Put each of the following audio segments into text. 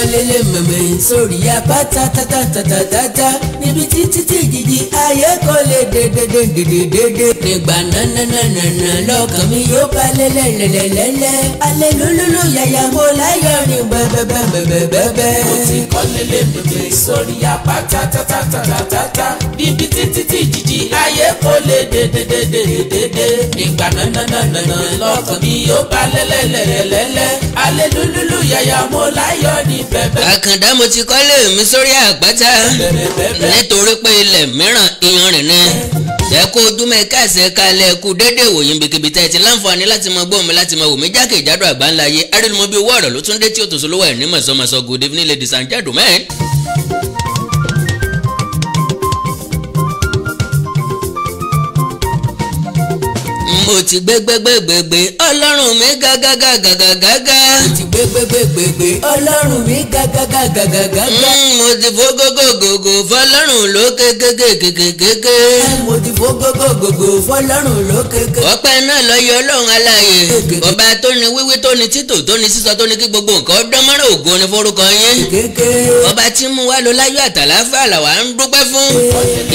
ọlẹ́lẹ̀ mẹ̀mẹ̀ sórí àpáta tatatatata níbi títí tí gidi ayé kò lè dédédédédédé. nígbà nánánánánà lọ́kàn mi yóò bá lẹ́lẹ̀ lẹ́lẹ́lẹ́lẹ́ alẹ́ lólóló yàyà mo láyọ̀ ní bẹ́ẹ̀bẹ́ẹ̀bẹ́ẹ̀bẹ́ẹ̀bẹ́. mo ti kọ́ lẹ́lẹ̀ mẹ̀mẹ̀ sórí àpáta tatatatata ibi títí tí jìjì ayé kò lè dédédédédédé ìgbà nananana lọ́kàn mi yóò bá lẹ́lẹ́lẹ́lẹ́lẹ́ alẹ́ lúlúlú yàyà mo láyọ̀ ní bẹ̀bẹ̀. àkàndá mo ti kọ́lé mi sórí àpáta nítorí pé ilẹ̀ mìíràn iyanrìn ni ẹ kó dúmẹ̀ káàsẹ̀ kalẹ̀ kú dédé ìwòye ibikíbi ẹ ti láǹfààní láti mọ gbọ́n láti mọ wòmí jákèjádò àgbáńlá yé arínumọ́ owó ọ̀rọ̀ ló tún dé tí ó tòṣó lówó ẹ̀ ní mọ̀sánmọ́sán good evening ladies and gentlemen. mo ti gbégbégbégbégbé ọlọ́ ọlọ́run mi gàgàgàgàgàgà. ti gbé gbégbégbé ọlọ́run mi gàgàgàgàgàgà. mo ti fó gógógógó fọlọ́run ló kékékékékéké. mo ti fó gógógógó fọlọ́run ló kéké. ọpẹ́ náà lọ yọ ọlọ́run aláàyè ọba tó ní wíwí tó ní títò tó ní sísọ tó ní kí gbogbo nǹkan dánmọ́rọ̀ ògo ni forúkọ yín. ọba tí mú wa lọ láyọ̀ àtàláfà làwa ń dúpẹ́ fún.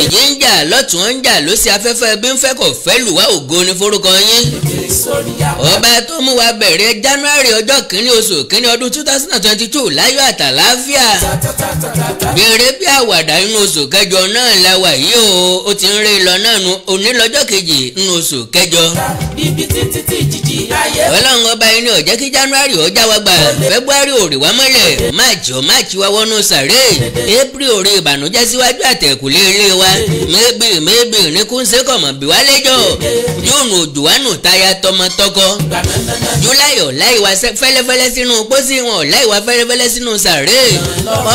ìjì ń jà lọ́tún ń jà lọ́sí afẹ́fẹ́ bí ń fẹ́ kọ̀ fẹ́ lùwá ògo ni forúkọ yín. ọba tó mú wa bẹ̀rẹ̀ january ọjọ́ kìíní oṣù kìíní ọdún two thousand and twenty two láyọ̀ àtàláfíà bèrè bí àwàdà inú oṣù kẹjọ náà la wà yìí o ó ti ń rí lọ náà nu onílọ́jọ́ kejì inú oṣù kẹjọ. bíbí títí tí jìjì ayé. ọlọ́run ọba ẹni ó kí january ó já wa gbà february ò rè wá mọ́lẹ̀ march ó march wa wọnú sàré april ò rè ìbànújẹ́ síwájú àtẹ̀kùlé ilé wa maybe maybe ní kúnṣe kọ̀mọ̀ bí wálé jọ june òjò wánú táyà tọmọtọkọ july ọ̀la ìwà fẹ́lẹ́fẹ́lẹ́ sínú pósí wọn ọ̀la ìwà fẹ́lẹ́fẹ́lẹ́ sínú sàré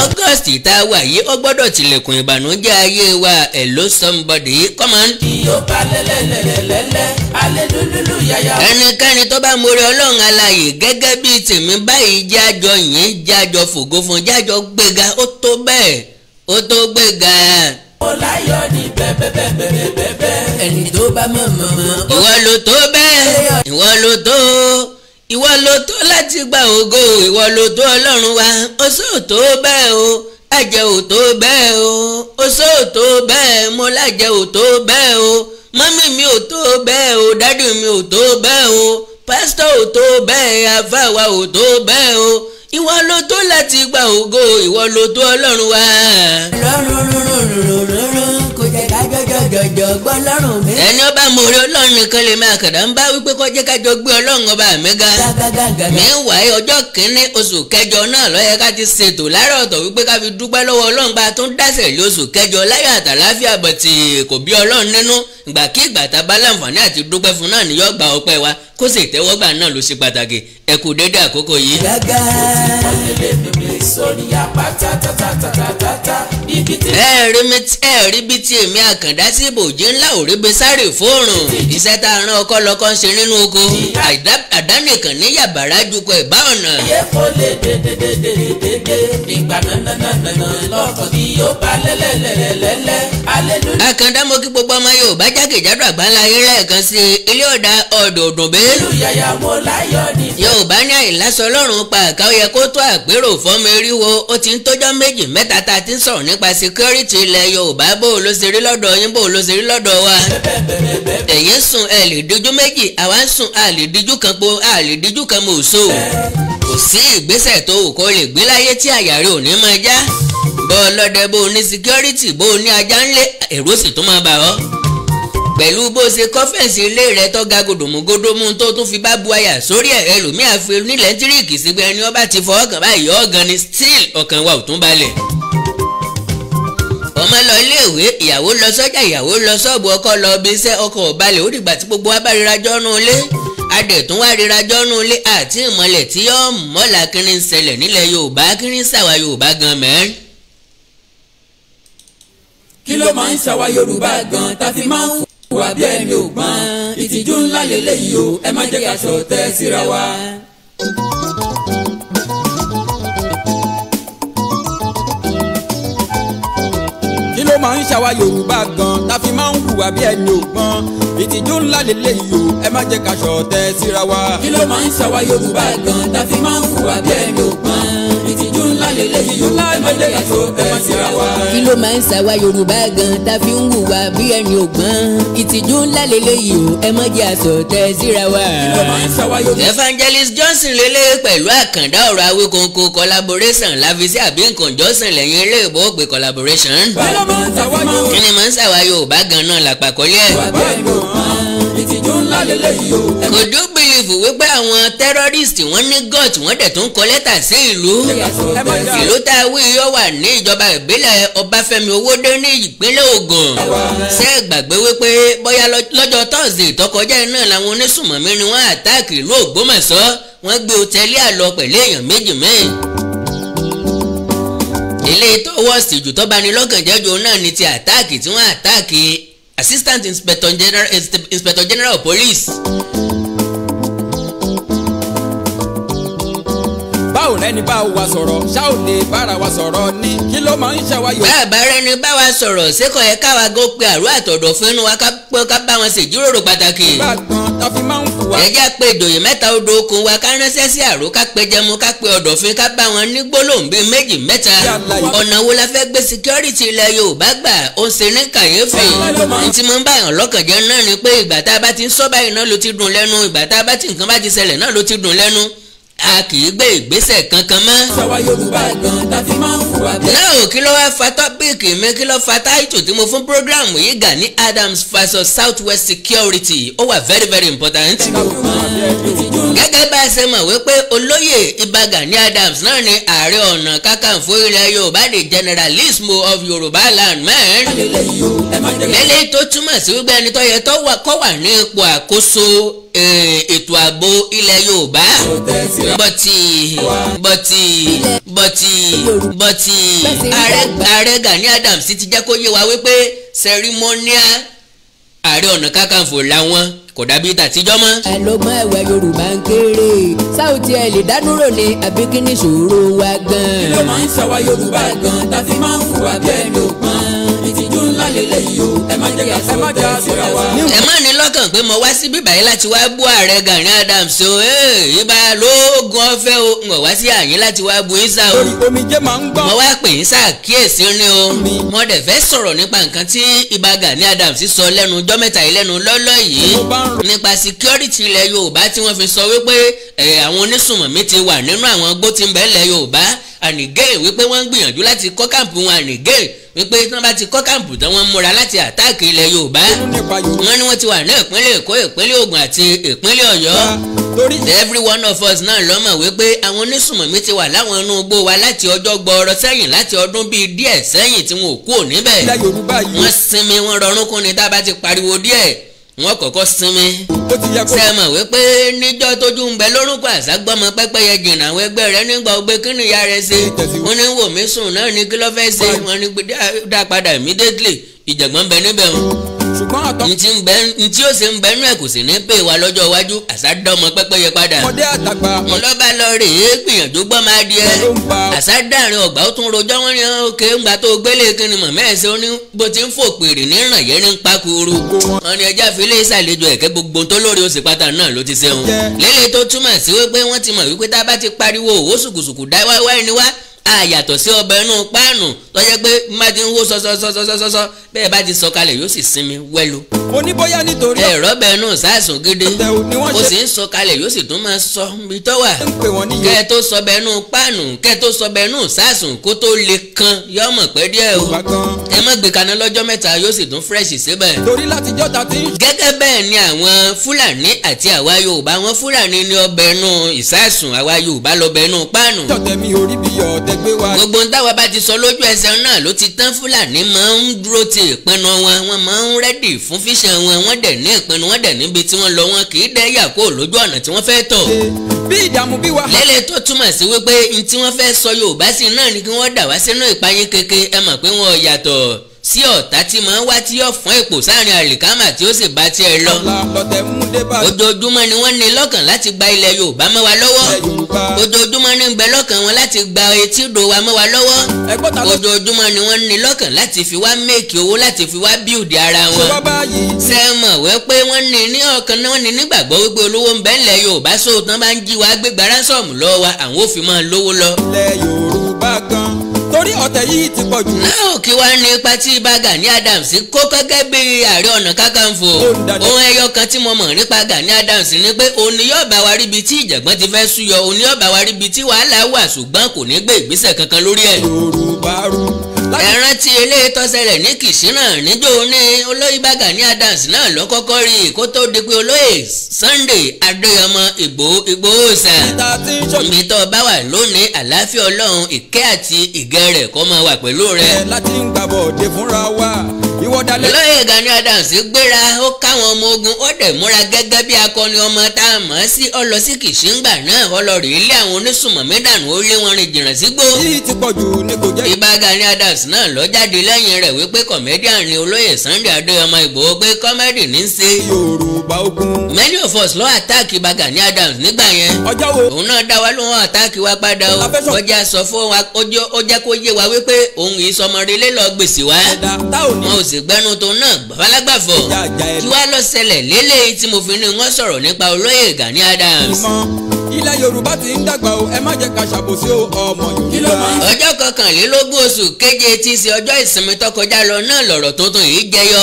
august tá a wà yìí ó gbọ́dọ̀ tilẹ̀kùn ìbànújẹ́ ayé wa hello somebody come on. iyọ̀ bá lẹ́lẹ́lẹ́lẹ́lẹ́ alẹ́ lúlúlú yáyá. ẹnikẹ́ni tó bá mórí ọlọ́run aláyè gẹ́gẹ́ bíi tèmi báyìí jájọ yìí jájọ fògo fún jájọ gbéga ó tó bẹ́ẹ̀ ó tó gbéga ọláyọ̀ ni bẹ́ẹ̀bẹ́ẹ̀bẹ́ẹ̀bẹ́ẹ̀. ẹni tó bá mọ̀ mọ̀. ìwọ ló tó bẹ́ẹ̀ ìwọ ló tó ìwọ ló tó láti gba ògo ìwọ ló tó ọlọ́run wa ó sọ tó bẹ́ẹ̀ o àjẹ́ ò tó bẹ́ẹ̀ o ó sọ tó bẹ́ẹ̀ mo lájẹ́ ò tó bẹ́ẹ̀ o mọ́mí mi ò tó bẹ́ẹ̀ o dádì mi ò tó bẹ́ẹ̀ o pásítọ̀ ò tó bẹ́ẹ̀ àfáwa ò tó bẹ́ẹ̀ o ìwọ ló tó láti gba ògo ìwọ ló tó ọlọ́run wa. ọlọ́run ló ló jọ̀jọ̀gbọ́n lọ́rùn mi. ẹni ọba mòrí ọlọ́run nìkan lè máa kàdá ń bá wípé kó jẹ́ ká jọ gbé ọlọ́run ọba mi ga. mẹ́wàá ọjọ́ kìíní oṣù kẹjọ náà ló yẹ ká ti ṣètò láàárọ̀ ọ̀tọ̀ wípé ká fi dúpẹ́ lọ́wọ́ ọlọ́run bá a tún lé kẹjọ láyọ̀ àtàláfíà bọ̀ tí kò bí ọlọ́run nínú bá láǹfààní àti dúpẹ́ wa kó sì náà ló ṣe pàtàkì sórí àpáta tatatatata ibi tí. ẹ rí mi ẹ rí bí tí èmi àkàndá sí ibòjì ńlá ò ríbi sáré fóòrùn iṣẹ́ tá a rán ọkọ lọ́kọ́ ń ṣe nínú oko àdánìkàn ní yàbàrá jukọ ìbá ọ̀nà. ayé kò lè dédédédédédé ìgbà nananana lọ́kọ̀ bí yóò bá lẹ́lẹ́lẹ́lẹ́lẹ́ alẹ́lú. àkàndá mo kí gbogbo ọmọ Yorùbá jákèjádò àgbáńlá yín lẹ́ẹ̀kan sí ilé ọ̀dà ọ̀dọ̀ òdùnbé. ìlú yàyà mo láyọ̀ ni. Yorùbá ní àìlásọ Ọlọ́run mẹ́rìíwo ó ti ń tójọ́ méjì mẹ́ta tá a ti ń sọ̀rọ̀ nípa security ilẹ̀ Yorùbá bó o ló ṣe rí lọ́dọ̀ yín bó o ló ṣe rí lọ́dọ̀ wa. ẹ̀yin sùn ẹ̀ lè díjú méjì àwa ń sùn a lè díjú kan po a lè díjú kan mò so kò sí ìgbésẹ̀ tó kò lè gbé láyé tí àyàrí ò ní máa já bó ọlọ́dẹ bó o ní security bó o ní ajá ńlé èrò sì tún máa bà ọ́ pẹ̀lú bó ṣe kọ́fẹ̀nsì ilé rẹ̀ tó ga gòdòmùgòdòmù tó tún fi bá bu àyà sórí ẹ̀ ẹlòmíà fi ní lẹ́ńtíríkì sígbẹ́ ẹni ọba ti fọ ọkàn báyìí ọ̀gàn ni still ọkàn wa ò tún balẹ̀ ọmọ lọ iléèwé ìyàwó lọ sọ́jà ìyàwó lọ ṣọ́ọ̀bù ọkọ lọ bí iṣẹ́ ọkọ ò balẹ̀ ó dìgbà tí gbogbo wa bá ríra jọ́nú ilé adẹ̀tún wá ríra jọ́nú ilé àti ìmọ̀lẹ̀ tí yóò mọ́là kiri ń ṣẹlẹ̀ nílẹ̀ Yorùbá gan mẹ́rin. kí ló máa ń ṣàwà Yorùbá gan tá a fi máa ń ìwà bí ẹni ò gbọ́n ìtìjú ńlá lélẹ́yìí o ẹ má jẹ́ ká sọ tẹ́ síra wa. kí ló máa ń ṣàwa yorùbá gan la fi máa ń hùwà bí ẹni ò gbọ́n ìtìjú ńlá lélẹ́yìí o ẹ má jẹ́ ká tẹ́ síra wa. kí ló máa ń ṣàwa yorùbá gan la fi máa ń hùwà bí ẹni ò gbọ́n kí ló máa ń ṣàwa yorùbá gan tá fi ń hùwà bí ẹni ògbọ́n ìtìjú ńlá lélẹ́yìí o ẹ mọ́jì àṣọ tẹ́ síra wa. evangelist johnson lélẹ́ pẹ̀lú àkàndá ọ̀rọ̀ awíkóńkó collaboration láfiṣẹ́ àbí nǹkan johnson lẹ́yìn ilé ìbò pé collaboration. kí ni máa ń ṣàwa yorùbá gan náà làpàkọ́lé ẹ̀ ńlá lélẹ́yìí o. kò dó bìlìfù wípé àwọn tẹ́rọ́rìstì wọ́n ní gọ́t wọ́n dẹ̀ tún kọ lẹ́tà sí ìlú. ìlú tá a wí yọ wà ní ìjọba ìbílẹ̀ Ọbáfẹ́mi Owódé ní ìpínlẹ̀ Ògùn. ṣé gbàgbé wípé bóyá lọ́jọ́ tọ́sídẹ̀ẹ́ tó kọjá náà làwọn onísùmọ̀mí ni wọ́n àtáàkì ìlú Ògbómọ̀ṣọ́ wọ́n gbé hòtẹ́ẹ̀lì àlọ pẹ̀lú èèyàn méjì mẹ́rin ilé tó jù tó bá ní náà ni ti àtáàkì tí wọ́n àtáàkì assistant inspector general inspector general of police. báwo lẹ́ni bá wa sọ̀rọ̀ ṣá ò lè bára wa sọ̀rọ̀ ni kí ló máa ń ṣàwáyọ̀. bá a bá rẹni bá wa sọ̀rọ̀ ṣé kò yẹ káwa gó pe àrò àtọ̀dọ̀ fún inú wa ká bá wọn ṣèjíròrò pàtàkì. bá a gbọ́n tá fi máa ń wa. ẹ jẹ́ pé ìdòyè mẹ́ta odò okun wa ká ránṣẹ́ sí àrò ká pe jẹmu ká pe ọ̀dọ̀fin ká bá wọn ní gbólóǹgbé méjì mẹ́ta. ọ̀nà wo la fẹ́ gbé security ilẹ̀ Yorùbá gbà ó ṣe ní kàyéfì. n ti mọ bá yàn lọ́kàn jẹ́ náà ni pé ìgbà tá a bá ti ń sọ́ báyìí náà ló ti dùn lẹ́nu ìgbà tá a bá ti nǹkan bá ti ṣẹlẹ̀ náà ló ti dùn lẹ́nu a kì í gbé ìgbésẹ̀ kankan mọ́. ṣàwa yorùbá gan la fi máa ń hùwà bẹ́ẹ̀. náà ò kí ló wá fa tọ́pìkì mi kí ló fa táìtù tí mo fún programu yìí Gani Adams versus Southwest Security ó wà very very important. gẹ́gẹ́ bá a ṣe mọ̀ wípé olóyè Ìbà Gani Adams náà ni ààrẹ ọ̀nà kakanfò ilẹ̀ yorùbá the generalism of yorùbá land man. lélẹ́yìí tó túmọ̀ sí wípé ẹni tó yẹ kó wà ní ipò àkóso eh, ètò ààbò ilẹ̀ yorùbá bọ́tì bọ́tì bọ́tì bọ́tì ààrẹ Gani Adams ti jẹ́ kó yé wa wípé ceremonial ààrẹ ọ̀nà kákàǹfò làwọn kò dàbí tàtijọ́ mọ́. àlọ́mọ ẹ̀wà yorùbá ń kéré sáùtì ẹ̀ lè dánúrò ni àbí kí ni ìṣòro wa gan. kí ló máa ń ṣàwa yorùbá gan tá a fi máa ń hùwà bẹ́ẹ̀ lópin lélẹ̀ yìí o ẹ má jẹ́ ká sọ tẹ̀ síra wa. ẹ má ní lọ́kàn pé mo wá sí bíbá yìí láti wá bú ààrẹ Gani Adams o ibà lóògùn ọ̀fẹ́ o n ò wá sí àyín láti wá bu isa o. lórí omijé máa ń gbọ́. mo wá pè yín sáà kíyèsí ní o. mo dẹ̀ fẹ́ sọ̀rọ̀ nípa nǹkan tí ibà Gani Adams sọ lẹ́nu ọjọ́ mẹ́ta yìí lẹ́nu lọ́lọ́ yìí nípa security ilẹ̀ Yorùbá tí wọ́n fi sọ wípé àwọn onísùnmọ̀mí ti wà nínú àwọn gbó ti ń bẹ́ẹ̀ lẹ̀ Yorùbá ànìgẹ́ wípé wọ́n ń gbìyànjú láti kọ́ káàmpù wọn ànìgẹ́ wípé tí wọ́n bá ti kọ́ káàmpù tán wọ́n múra láti àtáàkì ilẹ̀ Yorùbá wọ́n ní wọ́n ti wà ní ìpínlẹ̀ Èkó ìpínlẹ̀ Ògùn àti ìpínlẹ̀ Ọ̀yọ́ every one of us náà lọ́mọ̀ wípé àwọn onísùmọ̀mí ti wà láwọn inú igbó wa láti ọjọ́ gbọọrọ sẹ́yìn láti ọdún bíi díẹ̀ sẹ́yìn tí wọn ò kú òní bẹ́ẹ̀ wọ́n sinmi wọn rọrùn kún ni tá a bá ti pariwo díẹ̀ wọ́n kọ́kọ́ sinmi sẹ́mọ̀ wípé níjọ́ tójú ń bẹ lórúkọ àṣàgbọ́mọ pẹ́pẹ́yẹ jìnnà àwọn ẹgbẹ́ rẹ nígbà ọgbẹ́ kí ni ìyá rẹ ṣe wọ́n ní wò mí sùn náà ní kí ló fẹ́ ṣe wọ́n ní dá padà immediately ìjàgbọ́n bẹ níbẹ̀ wọn nǹkan àtọ́. ntí ń bẹ ntí ó ṣe ń bẹ nú ẹ̀ kò sì ní pè wá lọ́jọ́ iwájú àsádọ́mọ pẹ́pẹ́yẹ padà. ọdẹ àtàgbà. mo lọ rè é gbìyànjú gbọ́ máa di ẹ. àsádàrin ọgbà ó tún rojọ́ wọn ní òkè ńgbà tó gbélé kíni mọ̀ mẹ́ẹ̀sẹ̀ ó ní bó ti ń fò pèrè ní ràn yẹn ní pakuru. wọn ni ẹja fi lé ìsàlejò ẹ̀kẹ́ gbogbo tó lórí oṣù pátá náà ló ti ṣeun. lélẹ̀ tó túmọ̀ sí wípé wọ́n ti mọ̀ wípé tá a bá ti pariwo òwò sùkùsùkù dá wáíwáí ni wá àyàtọ̀ sí ọbẹ̀ inú páànù tó pé má wó sọ́sọ́sọ́sọ́sọ́ bẹ́ẹ̀ bá ti sọ kalẹ̀ yóò sì sinmi wẹ́lu. mo ní bóyá nítorí. ẹ̀rọ bẹ̀ inú sàásùn gidi ó sì ń sọ kalẹ̀ yóò sì tún máa sọ ibi tó wà. kẹ́ ẹ tó sọ bẹ̀ inú páànù kẹ́ ẹ tó sọ bẹ̀ inú sàásùn kó tó le kan yóò mọ̀ pẹ́ díẹ̀ o. ẹ má gbé kaná lọ́jọ́ mẹ́ta yóò sì tún fresh síbẹ̀. torí láti jọ́ta ti gbé wa. gbogbo táwa bá ti sọ lójú ẹsẹ̀ náà ló ti tán fúlàní máa ń dúró ti ìpinnu wọn wọn máa ń rẹ́dì fún fíṣàn wọn wọn dẹ̀ ní ìpinnu wọn dẹ̀ níbi tí wọ́n lọ wọn kì í dẹ́yà kó lójú ọ̀nà tí wọ́n fẹ́ tọ̀. bí ìdààmú bí wàhálà. lélẹ̀ tó túmọ̀ sí wípé n wọ́n fẹ́ sọ Yorùbá sí náà ni kí wọ́n dà wá sínú ìpayín keke ẹ mọ̀ pé wọ́n yàtọ̀ sí ọ̀tá tí màá wá tí yóò fún èpò sáàrin àlìkámà tí ó sì bá tiẹ̀ lọ. ojoojúmọ́ ni wọ́n ní lọ́kàn láti gba ilẹ̀ Yorùbá mọ́ wa lọ́wọ́. ojoojúmọ́ ní ń bẹ lọ́kàn wọn láti gba etí ìdò wa mọ́ wa lọ́wọ́. ojoojúmọ́ ni wọ́n ní lọ́kàn láti fi wá méèkì owó láti fi wá bíùdì ara wọn. sẹ́mọ̀ wẹ́ pé wọ́n ní ní ọkàn náà ní nígbàgbọ́ wípé olówó ń bẹ ilẹ̀ Yorùbá sóòtán bá ń jí wa gbégbá ránsọ̀mù lọ́wọ́ wa àwọn ò fi máa lówó lọ. ilẹ̀ Yorùbá ní ọ̀tẹ̀ yìí ti pọ̀ jù. kí wàá ní ipa tí ibà Gani Adams kó gẹ́gẹ́ bí ààrẹ ọ̀nà kákàǹfò ohun ẹyọ kan tí mo mọ̀ nípa Gani Adams ni pé òní yóò bá wa ríbi tí ìjàngbọ́n ti fẹ́ súyọ òní yóò bá wa ríbi tí wàhálà wà ṣùgbọ́n kò ní gbé ìgbésẹ̀ kankan lórí ẹ̀. Yorùbá rú ẹ rántí eléyìí tó ṣẹlẹ̀ ní kìsínà níjó ní olóyè Gani Adams náà ló kọ́kọ́ rí i kó tó di pé olóyè Sunday Adéyẹmọ Ìgbòho Ìgbòho sàn mi tó bá wà lónìí àlàáfíà Ọlọ́run ìkẹ́ àti ìgẹ̀ rẹ̀ kó máa wà pẹ̀lú rẹ̀. láti ń gbàbọ̀ òde fúnra wa ìwọ dalẹ̀. lọ́yẹ̀ Gani Adams gbéra ó káwọn ọmọ ogun ó dẹ̀ múra gẹ́gẹ́ bí akọni ọmọ tá a mọ̀ sí ọlọ́sí kìsíngbà náà ọlọ́rìí ilé àwọn onísùmọ̀mí dànù ó lé wọn rìn jìnnà sígbó. yìí ti pọ̀ jù ní kò jẹ́. ibà Gani Adams náà lọ jáde lẹ́yìn rẹ̀ wípé kọ̀mẹ́díàn ni olóyè Sunday Adéyọmọ Ìgbòho pé kọ́mẹ́dì ní í Yorùbá ogun. many of us lọ attack ibà Gani Adams nígbà yẹn. ọjà wo. òun náà dá wa lóhun attack wa sì gbẹnu tó náà gbàbálágbàfọ̀ kí wàá lọ ṣẹlẹ̀ lélẹ́yìí tí mo fi ní wọ́n sọ̀rọ̀ nípa olóyè Gani Adams ilẹ̀ yorùbá ti ń dàgbà o ẹ má jẹ́ ká ṣàbòsí o ọmọ yorùbá. ọjọ́ kọkànlélógún oṣù keje ti ṣe ọjọ́ ìsinmi tó kọjá lọ náà lọ̀rọ̀ tuntun yìí jẹyọ.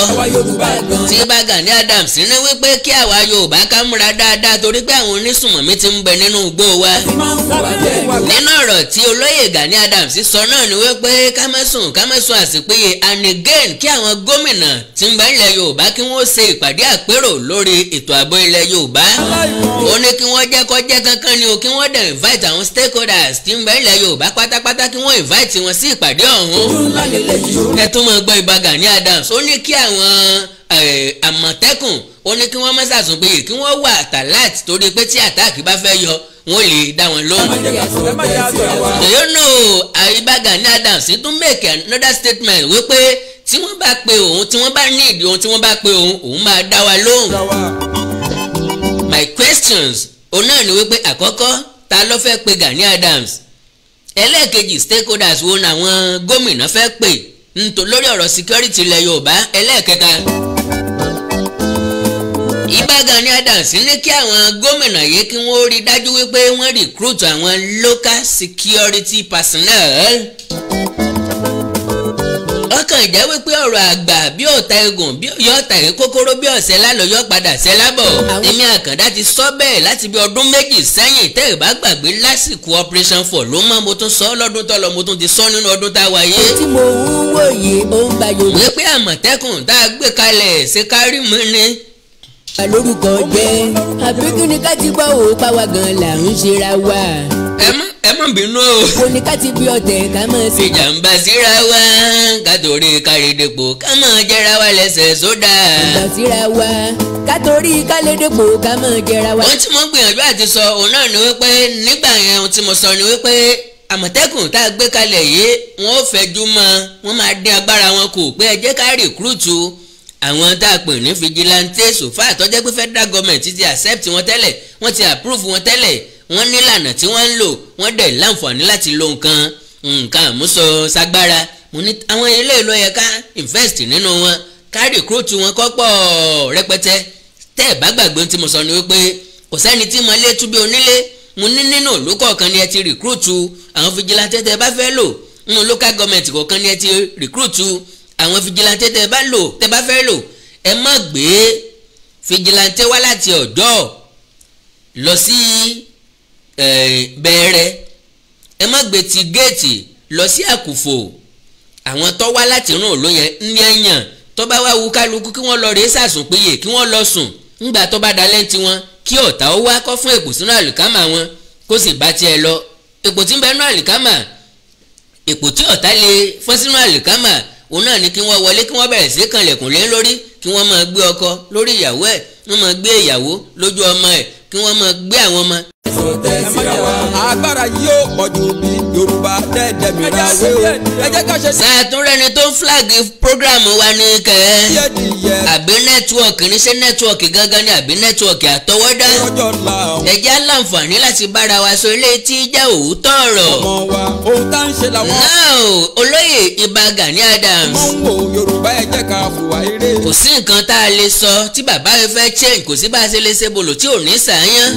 tí bá Gani Adams ní wípé kí àwa yorùbá ká múra dáadáa torí pé àwọn onísùmọ̀mí ti ń bẹ nínú igbó wa. nínú ọ̀rọ̀ tí olóyè Gani Adams sọ náà ni wípé ká má sùn ká má àsìpéye and again kí àwọn gómìnà ti ń bẹ ilẹ̀ yorùbá kí wọ́n ṣe ìpàdé àpérò lórí ètò ààbò ilẹ̀ yorùbá. ó ní kí wọ́n jẹ́ kankan ni o kí wọ́n dẹ̀ invite àwọn stakeholders tí ń bẹ ilẹ̀ Yorùbá pátápátá kí wọ́n invite wọn sí ìpàdé ọ̀hún. ẹ tún mọ̀ gbọ́ Ìbà Gani Adams ó ní kí àwọn Àmọ̀tẹ́kùn ó ní kí wọ́n má sàsùn péye kí wọ́n wà tàlát torí pé tí àtàkì bá fẹ́ yọ wọ́n lè dá wọn lóhùn. you know Ìbà Adams tún make another statement wípé tí wọ́n bá pe òun tí wọ́n bá ní ìdí òun tí wọ́n bá pe òun òun máa dá wa lóhùn. my questions òun náà ni wípé àkọ́kọ́ ta ló fẹ́ pe Gani Adams ẹlẹ́ẹ̀kejì stakeholders wo làwọn gómìnà fẹ́ pè nítorí lórí ọ̀rọ̀ security ilẹ̀ Yorùbá ẹlẹ́ẹ̀kẹta ibà Gani Adams ní kí àwọn gómìnà yìí kí wọ́n rí dájú wípé wọ́n recruit àwọn local security personnel. ọkàn jẹ́ wípé ọ̀rọ̀ àgbà bí ọ̀tá egun bí ọ̀tá èrè kókóró bí ọ̀sẹ̀ lálọ́yọ́ padà sẹ́ lábọ̀ èmi àkàndá ti sọ bẹ́ẹ̀ láti bí ọdún méjì sẹ́yìn tẹ́ ẹ̀ bá gbàgbé lásìkò operation for ló mọ́ mo tún sọ lọ́dún tó lọ mo tún ti sọ nínú ọdún tá a wáyé. tí mo ń wòye ó ń ba yorùbá. wípé àmọ̀tẹ́kùn tá a gbé kalẹ̀ ṣe kárí mi ni lórúkọ jẹ́ àbíkú ni ká ti gbọ́ òòpá wa gan là ń ṣera wa. ẹ má ẹ má bínú o. kò ní ká ti bí ọ̀tẹ̀ ká máa ṣe. ìjàmbá síra wa kátorí kálédèpò ká máa jẹra wa lẹ́sẹ̀ sódà. ìjàmbá síra wa kátorí kálédèpò ká máa jẹra wa. ohun tí mo gbìyànjú àti sọ òun náà ni wípé nígbà yẹn ohun tí mo sọ ni wípé àmọ̀tẹ́kùn tá a gbé kalẹ̀ yìí wọ́n ó fẹjú mọ́ wọ́n máa dín agbára wọn kù pé ẹ àwọn tá a pè ní fìjìláńtẹ́ sòfà tó jẹ́ pé federal government ti accept wọn tẹ́lẹ̀ wọ́n ti approve wọn tẹ́lẹ̀ wọ́n nílànà tí wọ́n ń lò wọ́n dẹ̀ láǹfààní láti lo nǹkan nǹkan àmúṣọ sagbára mo ní àwọn ilé ìlú yẹ ká invest nínú wọn ká recruit wọn kọ́ pọ̀ rẹpẹtẹ tẹ́ ẹ̀ bá gbàgbé tí mo sọ ni wípé kò sẹ́ni tí mo lé túbí onílé mo ní nínú ìlú kọ̀ọ̀kan ni ẹ ti recruit àwọn fijilantẹ́ tẹ́ bá fẹ́ lò nínú local government kọ̀ọ̀kan ni ẹ ti recruit àwọn fijilantẹ́ tẹ́ bá lò tẹ́ bá fẹ́ lò ẹ má gbé fijilantẹ́ wá láti ọ̀dọ́ lọ sí Eh, bẹ̀rẹ̀ ẹ má gbé ti géètì lọ sí àkùfò àwọn tó wá láti rún òló yẹn ń yẹnyàn tó bá wá wu kálukú kí wọ́n lọ rèé sàsùn péye kí wọ́n lọ sùn ńgbà tó bá dalẹ́ ti wọn kí ọ̀tá ó wá kọ́ fún èpò sínú àlùkámà wọn kó sì bá tiẹ̀ lọ èpò tí ń bẹ nínú àlùkámà èpò tí ọ̀tá lè fọ́n sínú àlùkámà òun náà ni kí wọ́n wọlé kí wọ́n bẹ̀rẹ̀ sí kanlẹ̀kùn lé lórí kí wọ́n máa gbé ọkọ lórí ìyàwó ẹ̀ wọ́n máa gbé ìyàwó lójú ọmọ ẹ̀ kí wọ́n máa gbé àwọn ọmọ tó tẹ̀ síra wa. agbára yóò pọ̀jù bí yorùbá dẹ́ẹ̀dẹ́ mi ra wé o. ẹ jẹ́ tó ń flag program wa ni kẹ́. àbí nẹ́tíwọ̀kì ní ṣe nẹ́tíwọ̀kì gangan ni àbí nẹ́tíwọ̀kì àtọwọ́dá. ẹ jẹ́ aláǹfààní láti bára wa sọ ilé tí jẹ́ òótọ́ ọ̀rọ̀. ọmọ wa ohun tá ń ṣe làwọn. náà olóyè Ìbà Gani Adams. mo ń wo yorùbá ẹ jẹ́ ká hùwà eré. kò sí nǹkan tá a lè sọ tí bàbá yẹn fẹ́ change kò sí bá a ṣe lè ṣe bolo tí ò ní sàáyán.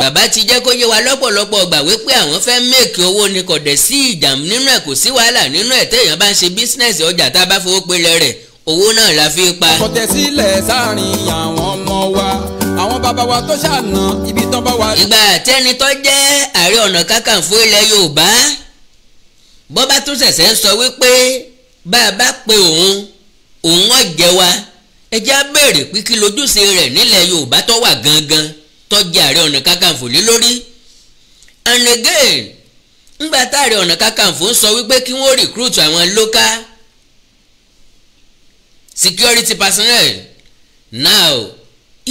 bàbá ti jẹ́ kó yé wa lọ́pọ̀lọpọ̀ ọgbà wípé àwọn fẹ́ mẹ́ẹ̀kì owó ni kò dẹ̀ sí ìdààmú nínú ẹ̀ kò sí wàhálà nínú ẹ̀ téèyàn bá ń ṣe bísínẹ́sì ọjà tá a bá fowó pelẹ̀ rẹ̀ owó náà la fi pa. ọ̀tẹ̀ sílẹ̀ sáàrin àwọn ọmọ wa àwọn bàbá wa tó ṣàna ibi tán bá wa. ìgbà tẹ́ni jẹ́ ààrẹ ọ̀nà kakanfò ilẹ̀ yorùbá bọ́bá tún ṣẹ̀ṣẹ̀ ń sọ wípé bá a bá pe òun òun ọ̀jẹ̀ wa ẹ já béèrè pé kí lójúṣe rẹ̀ nílẹ̀ yorùbá tó wà gangan tọ́jà Ààrẹ Ọ̀nà Kakanfò lé lórí and again ńgbà tá Ààrẹ Ọ̀nà Kakanfò ń sọ wípé kí wọ́n recruit àwọn local security personnel now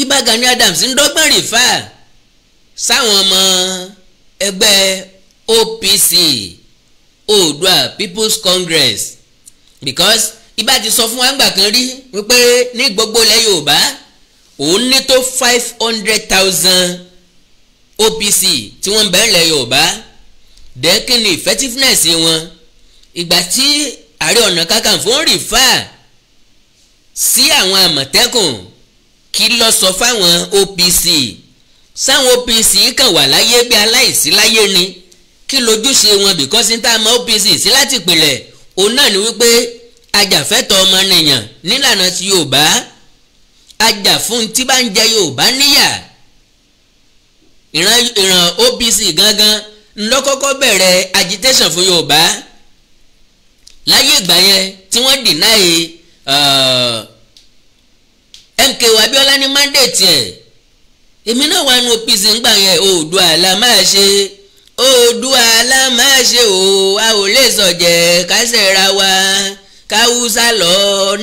Ìbà Gani Adams ń dọ́gbọ́n rìfà sáwọn ọmọ ẹgbẹ́ OPC Oòduà People's Congress because Ìbà ti sọ fún wa ńgbà kan rí wípé ní gbogbo ilẹ̀ Yorùbá òun ní tó five hundred thousand OPC tí wọ́n bẹ̀rẹ̀ lẹ̀ Yorùbá dẹ́kìnì effectiveness wọn ìgbà tí Ààrẹ Ọ̀nà Kakanfò ń rìfà sí àwọn Àmọ̀tẹ́kùn kí lọ sọ fáwọn OPC sáwọn OPC kàn wà láyé bí aláìsí láyé ni kí lójúṣe wọn bìkọ́sí tá a mọ OPC sí láti pìlẹ̀ òun náà ni wípé ajàfẹ́tọ̀ọ́ ọmọnìyàn nílànà ti Yorùbá ajàfún tí bá ń jẹ Yorùbá níyà ìran ìran OBC gangan ńlọ́kọ́kọ́ bẹ̀rẹ̀ agitation fún Yorùbá láyé ìgbà yẹn tí wọ́n deny uh, MKO Abiola ní mandate ẹ̀ èmi náà wà nù OPC ńgbà yẹn Oòduà la máa ṣe Oòduà la máa ṣe o a ò lè sọ̀jẹ̀ kásẹ̀ ra wa káwúsá lọ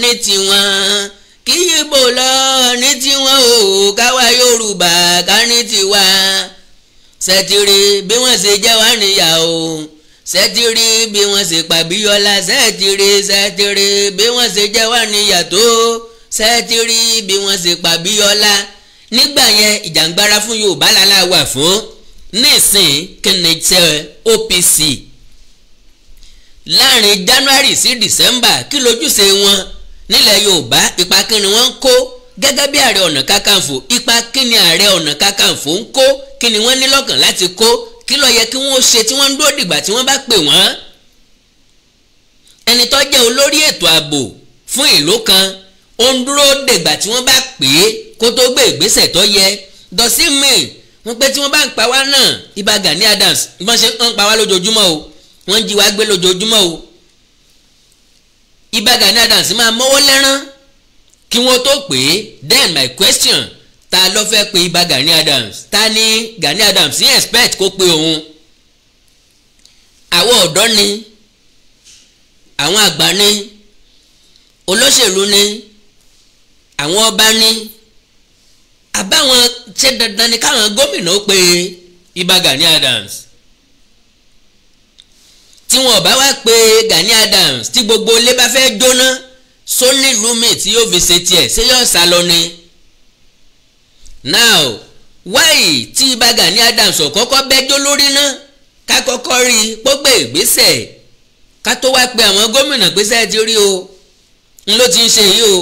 ní tiwọn kí yíbo lọ ní tiwọn o káwa yorùbá ká tiwa sẹtiri bí wọ́n ṣe jẹ wá níyà o sẹtiri bí wọ́n ṣe pàbíyọlá sẹtiri sẹtiri bí wọ́n ṣe jẹ wá níyà tó sẹtiri bí wọ́n ṣe pàbíyọlá nígbà yẹn ìjàngbara fún yorùbá lálá wà fún nísìn kìnìtẹ OPC láàrin January sí December kí lójúṣe wọn nílẹ̀ yorùbá ipa kí ni wọ́n ń kó gẹ́gẹ́ bí ààrẹ ọ̀nà kakanfò ipa kí ni ààrẹ ọ̀nà kakanfò ń kó kí ni wọ́n ní lọ́kàn láti kó kí ló yẹ kí wọ́n ṣe tí wọ́n ń dúró dìgbà tí wọ́n bá pè wọ́n. ẹni tó jẹ́ olórí ètò ààbò fún ìlú kan ó ń dúró dìgbà tí wọ́n bá pè é kó tó gbé ìgbésẹ̀ tó yẹ dọ̀sí mail wọ́n pé tí wọ́n bá ń pa wá náà Ìbà Gani Adams wọ́n ṣe ń pa wá lójoojúmọ́ o wọ́n jí wá gbé lójoojúmọ́ o Ìbà Gani Adams máa mọ́wọ́ lẹ́rán kí wọ́n tó pè é then my question ta ló fẹ́ pe Ìbà Gani Adams ta ni Gani Adams yẹn expect kó pe òun àwọn ọ̀dọ́ ni àwọn àgbà ni olóṣèlú ni àwọn ọba ni àbáwọn ṣe dandan ni káwọn gómìnà pe Ìbà Gani Adams tí wọn bá wá pé Gani Adams tí gbogbo ilé bá fẹ́ jóná só nílùú mi tí yóò fi ṣe tiẹ̀ ṣé yóò sá lọ ni. now why tí ibà Gani Adams ọ̀kọ́kọ́ bẹ́jọ́ lórí náà ká kọ́kọ́ rí i pó gbé ìgbésẹ̀ ká tó wá pe àwọn gómìnà gbésẹ̀ ti rí o n ló ti ń ṣe yìí o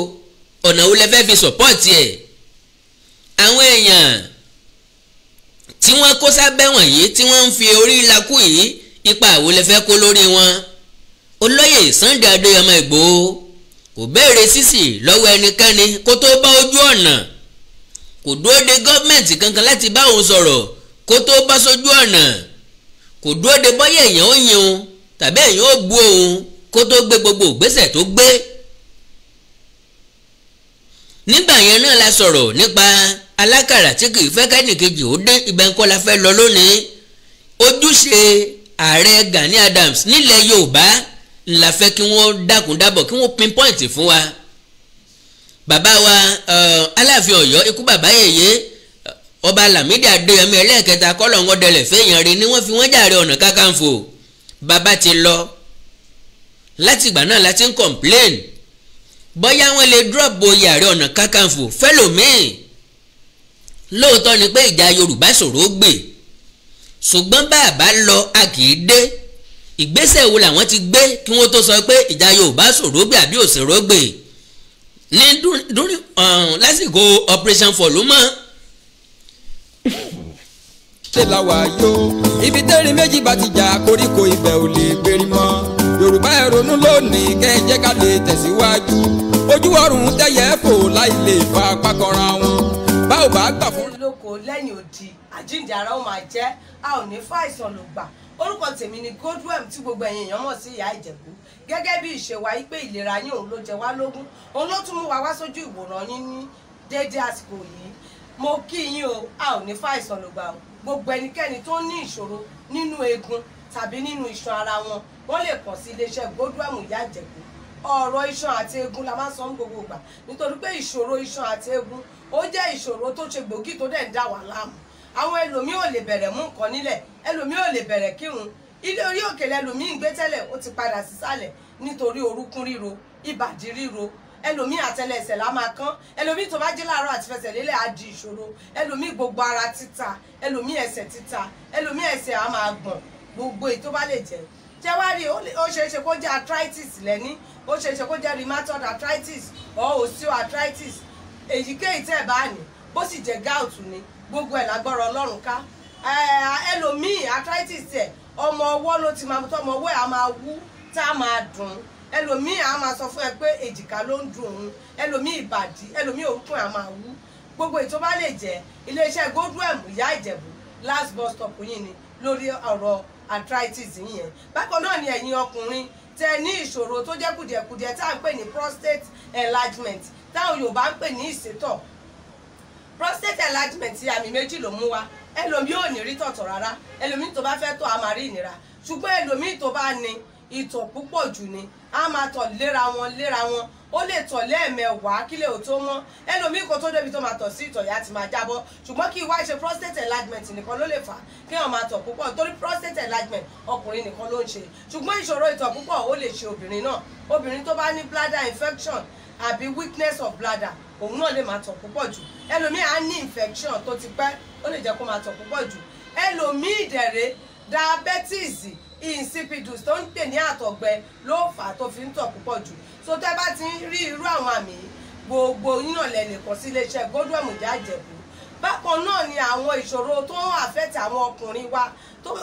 ọ̀nà wo lẹ fẹ́ fi sọ̀pọ́ọ̀tì ẹ̀ àwọn èèyàn tí wọ́n kó sábẹ́ wọ̀nyí tí wọ́n ń fi orí lakú yìí ipa àwo lè fẹ́ kó lórí wọn olóyè Sunday Adéyẹmọ Ìgbòho kò béèrè sísì lọ́wọ́ ẹnikẹ́ni kó tó bá ojú ọ̀nà kò dúró de gọ́ọ̀mẹ̀ntì kankan láti bá òun sọ̀rọ̀ kó tó bá sójú ọ̀nà kò dúró de bọ́yá èèyàn ó yin òun tàbí èèyàn ó bu òun kó tó gbé gbogbo ìgbésẹ̀ tó gbé nígbà yẹn náà la sọ̀rọ̀ nípa alákàrà tí kì í fẹ́ kẹ́nìkejì ó dé ibẹ̀ la fẹ́ lọ lónìí ojúṣe ààrẹ Gani Adams nílẹ̀ Yorùbá la fẹ́ kí wọ́n dákun dábọ̀ kí wọ́n pinpoint fún wa bàbá wa uh, Aláàfin Ọ̀yọ́ ikú bàbá yèyé uh, ọba Lámídì Adéyẹmí ẹlẹ́ẹ̀kẹta kọ́lọ́ngọ́ dẹlẹ̀ fẹ́yàn rí ni wọ́n fi wọ́n jàre ọ̀nà kákàǹfò bàbá ti lọ láti ìgbà náà láti ń complain bóyá wọ́n lè drop oyè ààrẹ ọ̀nà kákàǹfò fẹ́lòmíì lóòótọ́ ni pé ìjà Yorùbá ṣòro gbè ṣùgbọ́n bàbá lọ a kì í dé ìgbésẹ̀ wo làwọn ti gbé kí wọ́n tó sọ pé ìjà Yorùbá ṣòrógbè àbí òṣèrógbè ní dúrí um, lásìkò operation fọlùmọ́. ṣé làwà yó ibi tẹ́rin méjì bá ti jà koríko ibẹ̀ ò lè gbérí mọ́ Yorùbá ẹ lónìí kẹ́ńjẹ́ ká lè tẹ̀síwájú ojú ọ̀run tẹ́yẹ fò láì lè fa apá wọn bá bá gbà fún. lóko lẹ́yìn odi àjíǹde ara ó máa jẹ́ a ò ní fàìsàn ló gbà orúkọ tèmi ni Godwem tí gbogbo ẹ̀yin èèyàn mọ̀ sí ìyá ìjẹ̀bú gẹ́gẹ́ bí ìṣe wa pé ìlera yín òun ló jẹ wá lógún òun ló tún mú wa wá sójú ìwòran yín ní déédéé àsìkò yìí mo kí yín o a ò ní fàìsàn ló gbà o gbogbo ẹnikẹ́ni tó ní ìṣòro nínú eegun tàbí nínú iṣan ara wọn wọ́n lè kàn sí iléeṣẹ́ Godwem ìyá ìjẹ̀bú ọ̀rọ̀ iṣan àti eegun la máa sọ ní gbogbo ìgbà nítorí pé ìṣòro iṣan àti eegun ó jẹ́ ìṣòro tó ṣe gbòógì tó dẹ̀ ń dà wá láàmú àwọn ẹlòmíì ò lè bẹ̀rẹ̀ mú nǹkan nílẹ̀ ẹlòmíì ò lè bẹ̀rẹ̀ kírun ilé orí òkè lẹlòmíì ń gbé tẹ́lẹ̀ ó ti padà sísàlẹ̀ nítorí orúkún ríro ìbàdí ríro ẹlòmíì àtẹlẹsẹ̀ la máa kán ẹlòmíì tó bá jí láàárọ̀ àti fẹsẹ̀ lélẹ̀ á di ìṣòro ẹlòmíì gbogbo ara títa ẹlòmíì ẹsẹ̀ títa ẹlòmíì ẹsẹ̀ á máa gbọ̀n gbogbo èyí tó bá lè jẹ́ jẹ́ wá rí ó ṣeé ṣe kó jẹ́ arthritis lẹ́ní ó ṣeé ṣe kó jẹ́ rheumatoid arthritis or osteoarthritis èyíkéyìí tẹ́ ẹ̀ ní bó sì jẹ́ gout ni gbogbo ẹ̀ lágbára ọlọ́run ká ẹlòmíì arthritis ẹ̀ ọmọ ọwọ́ ló ti máa tọ́ ọmọ ọwọ́ ẹ̀ á máa wú tá a máa dùn ẹlòmíì á máa sọ fún ẹ pé èjìká ló ń dùn òun ẹlòmíì ìbàdí ẹlòmíì orúkún ẹ̀ á máa wú gbogbo ètò bá lè jẹ́ iléeṣẹ́ godwem ìyá ìjẹ̀bú last bus stop yìí ni lórí ọ̀rọ̀ arthritis yìnyẹn bákan náà ni ẹ̀yin ọkùnrin tẹ ní ìṣòro tó jẹ́ kùdìẹ̀kùdìẹ̀ tá à ń pè ní prostate enlargement táwọn Yorùbá ń pè ní ìsétọ̀ prostate enlargement àmì méjì ló mú wa ẹlòmíì ò ní rí tọ̀tọ̀ rárá ẹlòmíì tó bá fẹ́ tọ̀ a máa rí ìnira ṣùgbọ́n ẹlòmíì tó bá ní ìtọ̀ púpọ̀ jù ni a máa tọ̀ léra wọn léra wọn ó lè tọ̀ lẹ́ẹ̀mẹwàá kílẹ̀ ò tó mọ́ ẹlòmíì kò tó débi tó máa tọ̀ sí ìtọ̀ yá ti máa jábọ́ ṣùgbọ́n kí ìwá ṣe prostate enlargement nìkan ló lè fà kí wọ́n máa tọ̀ púpọ̀ torí prostate enlargement ọkùnrin nìkan ló ń ṣe ṣùgbọ́n ìṣòro ìtọ̀ púpọ̀ ó lè ṣe obìnrin náà obìnrin tó bá ní bladder infection àbí weakness of bladder òun náà lè máa tàn púpọ̀ jù ẹlòmíì á ní infection tó ti pẹ́ ó lè jẹ́ kó máa tàn púpọ̀ jù ẹlòmíì ìdẹ̀rẹ̀ diabetes insipidus tó ń pè ní àtọ̀gbẹ ló fà á tó fi ń tàn púpọ̀ jù so tẹ́ bá ti rí irú àwọn àmì gbogbo yín náà lẹ sí iléeṣẹ́ gbódùn àmùjá àjẹ̀bù bákan náà ni àwọn ìṣòro tó ń àfẹ́tẹ̀ àwọn ọkùnrin wa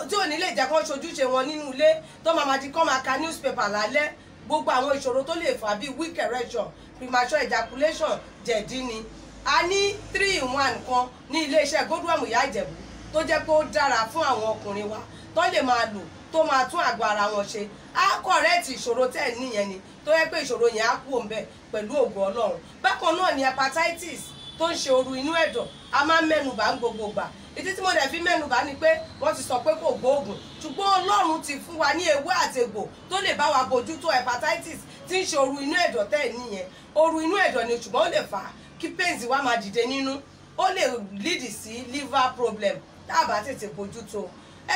tí ò ní lè jẹ́ kó ṣojúṣe wọn nínú ilé tó máa ma di kó máa ka newspaper lálẹ́ gbogbo àwọn ìṣòro tó lè fà bíi weak erection premature ejaculation jẹ̀dí ni a ní three in one kan ní iléeṣẹ́ godwam ìyá ìjẹ̀bú tó jẹ́ pé ó dára fún àwọn ọkùnrin wa tó lè máa lò tó máa tún àgọ́ ara wọn ṣe á kọ̀rẹ́ẹ̀tì ìṣòro tẹ̀ níyẹn ni tó yẹ pé ìṣòro yẹn á kú òǹbẹ pẹ̀lú ògùn ọlọ́run bákan náà ni hepatitis tó ń ṣe ooru inú ẹ̀dọ̀ a máa ń mẹ́nubà ń gbogbo ìdí tí mo dẹ̀ fi mẹ́nubà ni pé wọ́n ti sọ pé kò gbóògùn ṣùgbọ́n ọlọ́run ti fún wa ní ewé àtegbò tó lè bá wa bójútó hepatitis tí ń ṣe ooru inú ẹ̀dọ̀ tẹ́ ẹ̀ nìyẹn ooru inú ẹ̀dọ̀ ni ṣùgbọ́n ó lè fà á kí pains wa máa dìde nínú ó lè lead sí liver problem tá a bá tètè bójútó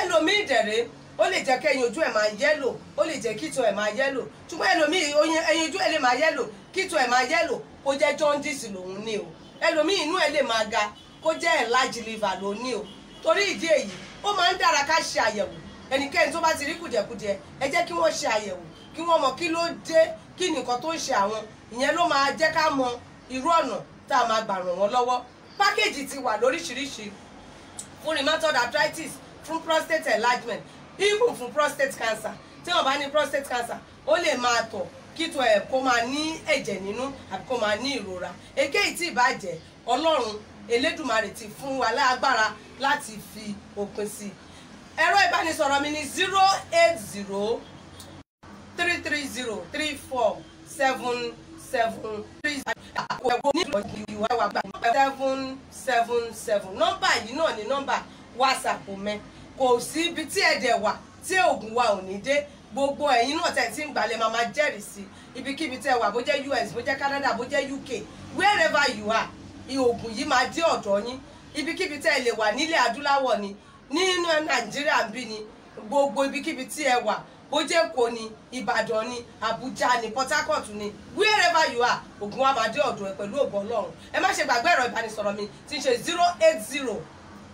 ẹlòmíì dẹ̀rẹ̀ ó lè jẹ́ kí ẹyin ojú ẹ̀ máa yẹ́lò ó lè jẹ́ kíto ẹ̀ máa yẹ́lò ṣùgbọ́n ẹlòmíì ẹyin ojú ẹ̀ lè máa yẹ́lò kíto ẹ̀ máa yẹ́lò ó jẹ́ jaundice lòun ní o ẹlòmíì inú ẹ lè máa ga kó jẹ́ enlarged liver ló ní o torí ìdí èyí ó máa ń dára ká ṣe àyẹ̀wò ẹnikẹ́ni tó bá ti rí kùdìẹ̀kudiẹ ẹ jẹ́ kí wọ́n ṣe àyẹ̀wò kí wọ́n mọ kí ló dé kí nìkan tó ń ṣe àwọn ìyẹn ló máa jẹ́ ká mọ irú ọ̀nà tá a máa gbà ràn wọ́n lọ́wọ́ pákéjì ti wà lóríṣiríṣi fún rheumatoid arthritis fún prostate enlargement even fún prostate cancer tí wọ́n bá ní prostate cancer ó lè máa tọ̀ kíto ẹ̀ kó máa ní ẹ̀jẹ̀ nínú àbí kó máa ní ìrora èkéyìí tí ì bá jẹ́ ti fún wa lágbára láti fi òpin sí i ẹ̀rọ mi ni zero eight zero three three zero three four seven seven three àkọ́kọ́ ní ìwọ̀nyí ìwà wà gbà seven seven seven nọ́mbà yìí náà ni nọ́mbà whatsapp mẹ́ kò sí ibi tí ẹ̀jẹ̀ wà tí oògùn wa ò ní dé gbogbo ẹ̀yin náà tẹ̀ tí ń gbalẹ̀ máa máa sí ibikíbi tẹ́ wà bó US bó Canada bó UK wherever you are ìoògùn yìí máa dé ọ̀dọ̀ yín ibikíbi tẹ́ lè wà nílẹ̀ adúláwọ̀ ni nínú Nàìjíríà ń bí ni gbogbo ibikíbi tí ẹ wà bó jẹ́ Èkó Ìbàdàn ni Àbújá ni Port Harcourt ni wherever you are ògùn wa máa dé ọ̀dọ̀ ẹ pẹ̀lú ògùn Ọlọ́run ẹ má ṣe gbàgbé ẹ̀rọ ìbánisọ̀rọ̀ mi tí ń ṣe zero eight zero